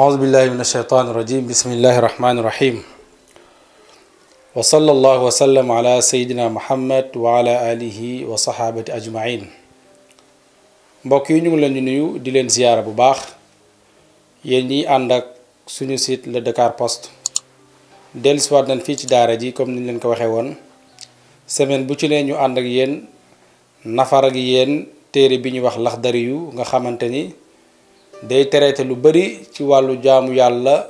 أعوذ بالله من الشيطان الرجيم بسم الله الرحمن الرحيم وصلى الله وسلم على سيدنا محمد وعلى آله وصحابة mbokk yi ñu ngi leen di nuyu di leen ziyaara bu baax yéen ñiy ànd ak suñu site le Dakar Post dellusiwaat nañ fii ci daara ji comme niñ leen ko waxee woon semaine bu ci ne ñu ànd ak yéen nafar ak yéen téere bi ñu wax lax Laxdari yu nga xamante ni day traité lu bari ci wàllu jaamu yàlla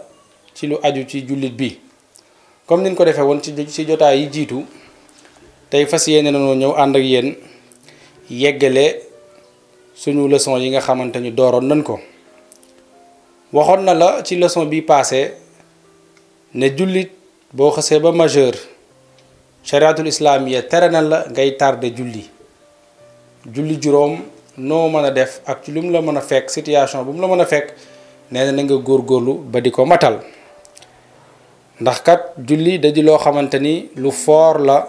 ci lu aju ci jullit bi comme niñ ko defee woon ci ci jotaay yi jiitu tey fas yéene nañoo ñëw ànd ak yéen yeggale suñu leçon yi nga xamante ni dooroon nañ ko waxoon na la ci leson bi passé ne jullit boo xësee ba majeur chariatul islaamiya tere na la ngay tardé julli julli juróom noo mën a def ak ci lu mu la mën a fekk situation bu la mën a fekk nee na na nga góorgóorlu ba di ko matal ndax kat julli da loo xamante ni lu foor la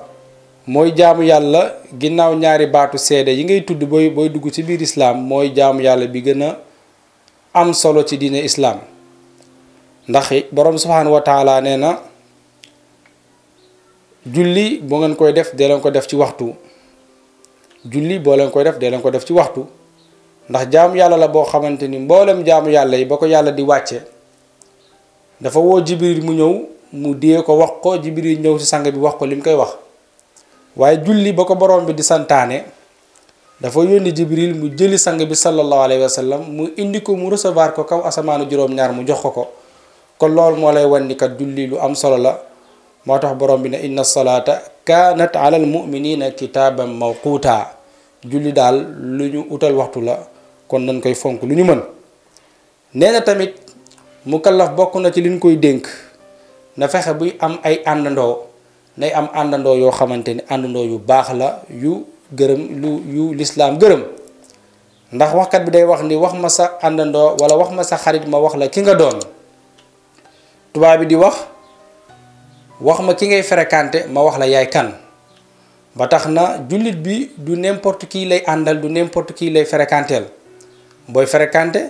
mooy jaamu yàlla ginnaaw ñaari baatu seede yi ngay tudd booy booy dugg ci biir islaam mooy jaamu yàlla bi gën a am solo ci diine islaam ndax boroom subhanahu wa taala nee na julli bu ngeen koy def dee leen ko def ci waxtu julli boo leen koy def dee leen ko def ci waxtu ndax jaamu yàlla la boo xamante ni mboolem jaamu yàlla yi ba ko yàlla di wàcce dafa woo jibril mu ñëw mu dee ko wax ko jibril ñëw ci sang bi wax ko li mu koy wax waaye julli ba ko borom bi di santaane dafa yónni jibril mu jëli sang bi sallallahu alayhi wa mu indi ko mu recevoir ko kaw asamaanu juróom-ñaar mu jox ko ko kon loolu moo lay wan ni kat julli lu am solo la moo tax borom bi na inna salaata kaanat alal muminina kitaaban mawquuta julli daal lu ñu utal waxtu la kon nañ koy fonk lu ñu mën nee na tamit kallax bokk na ci liñ koy dénk na fexe buy am ay àndandoo nay am àndandoo yoo xamante ni àndandoo yu baax la yu gërëm lu yu lislaam gërëm ndax waxkat bi day wax ni wax ma sa àndandoo wala wax ma sa xarit ma wax la ki nga doon tubaab bi di wax wax ma ki ngay fréquenté ma wax la yaay kan ba tax na jullit bi du n'importe kii lay àndal du n'importe kii lay fréquenteel booy fréquenté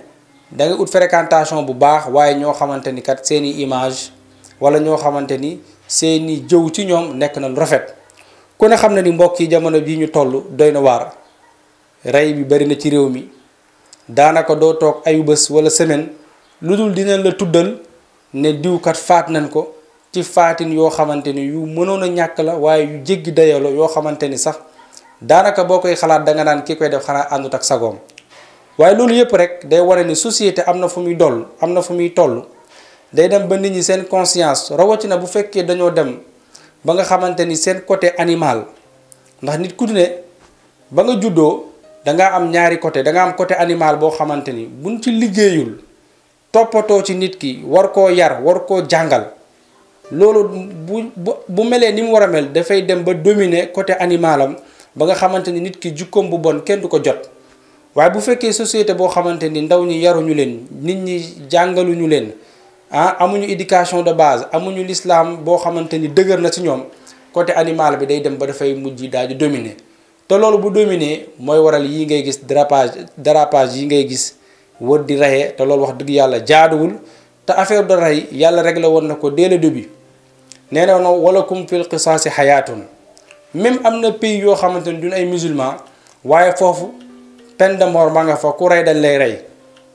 da ut fréquentation bu baax waaye ñoo xamante ni kat seeni image wala ñoo xamante ni seeni jëw ci ñoom nekk na lu rafet ku ne xam na ni mbokk yi jamono bii ñu toll doy na waar rey bi bari na ci réew mi daanaka doo toog ayu bés wala semaine lu dul dinañ la tuddal ne diwkat faat nañ ko ci faatin yoo xamante ni yu mënoon a ñàkk la waaye yu jéggi dayalo yoo xamante ni sax daanaka boo koy xalaat da nga naan ki koy def xanaa àndut ak sagoom waaye loolu yëpp rek day wane ni société am na fu muy doll am na fu muy toll day dem ba nit ñi seen conscience rawatina bu fekkee dañoo dem ba nga xamante ni seen côté animal ndax nit ku ne ba nga juddoo da nga am ñaari côté da nga am côté animal boo xamante ni buñ ci liggéeyul toppatoo ci nit ki war koo yar war koo jàngal loolu bu bu bu melee ni mu war a mel dafay dem ba dominer côté animalam ba nga xamante ni nit ki jukkoom bu bon kenn du ko jot waaye bu fekkee société boo xamante ni ndaw ñi yaruñu leen nit ñi jàngaluñu leen ah amuñu éducation de base amuñu l'islam boo xamante ni dëgër na ci ñoom côté animal bi day dem ba dafay mujj daal di dominer te loolu bu dominer mooy waral yi ngay gis dérapage dérapage yi ngay gis wër di reyee te loolu wax dëgg yàlla jaaduwul te affaire de rey yàlla réglé woon na ko dès le nee na non walakum fil qisaasi xayaatun même am na pays yoo xamante ni duñ ay musulman waaye foofu peine de mort ma nga fa ku rey dañ lay rey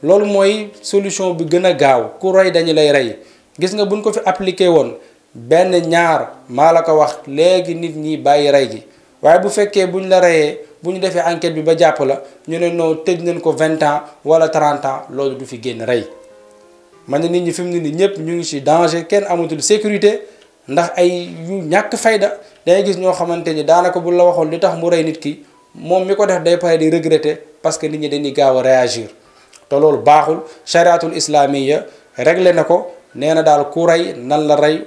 loolu mooy solution bi gën a gaaw ku rey dañu lay rey gis nga buñ ko fi appliqué woon benn ñaar maa la ko wax léegi nit ñi bàyyi rey gi waaye bu fekkee buñ la reyee bu ñu defee enquête bi ba jàpp la ñu ne non tëj nañ ko vingt ans wala trent ans loolu du fi génn rey man ne nit ñi fi mu ne ñëpp ñu ngi ci danger kenn amatul sécurité. ndax ay ñàkk fayda day gis ñoo xamante ni daanaka bu la waxoon li tax mu rey nit ki moom mi ko def day pare di regretter parce que nit ñi dañuy gaaw a réagir te loolu baaxul chariatul islamiya regle na ko nee na daal ku rey nan la rey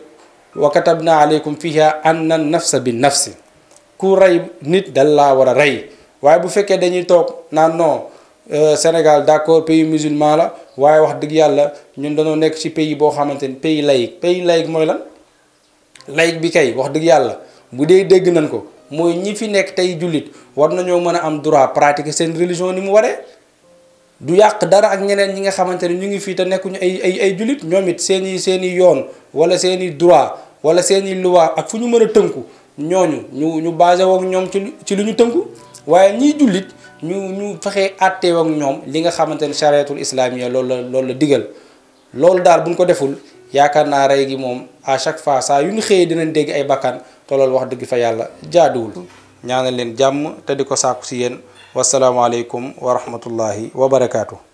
wa katabna aleykum fiha anna nafsa bi nafsi ku rey nit dal laa war a rey waaye bu fekkee dañuy toog naan non euh, Sénégal d'accord pays musulman la waaye wax dëgg yàlla ñun dañoo nekk ci pays boo xamante ni pays laïque pays laïque mooy lan layit bi kay wax dëgg yàlla bu dee dégg nañ ko mooy ñi fi nekk tey jullit war nañoo mën a am droit pratique seen religion ni mu waree du yàq dara ak ñeneen ñi nga xamante ne ñu ngi fii te nekkuñu ay ay ay jullit ñoom it seen i seen yoon wala seen i droit wala seen i loi ak fu ñu mën a tënku ñooñu ñu ñu basé woog ñoom ci ci lu ñu tënku waaye ñii jullit ñu ñu fexe àttee woog ñoom li nga xamante ne islaam islamiya loolu la loolu la digal loolu daal ko deful yaakaar naa rey gi moom à chaque fois saa yu ñu xëyee dinañ dégg ay bàkkan te loolu wax dëgg fa yàlla jaaduwul ñaanal leen jàmm te di ko saaku si yéen wasalaamaaleykum wa rahmatullahi wa barakaatu.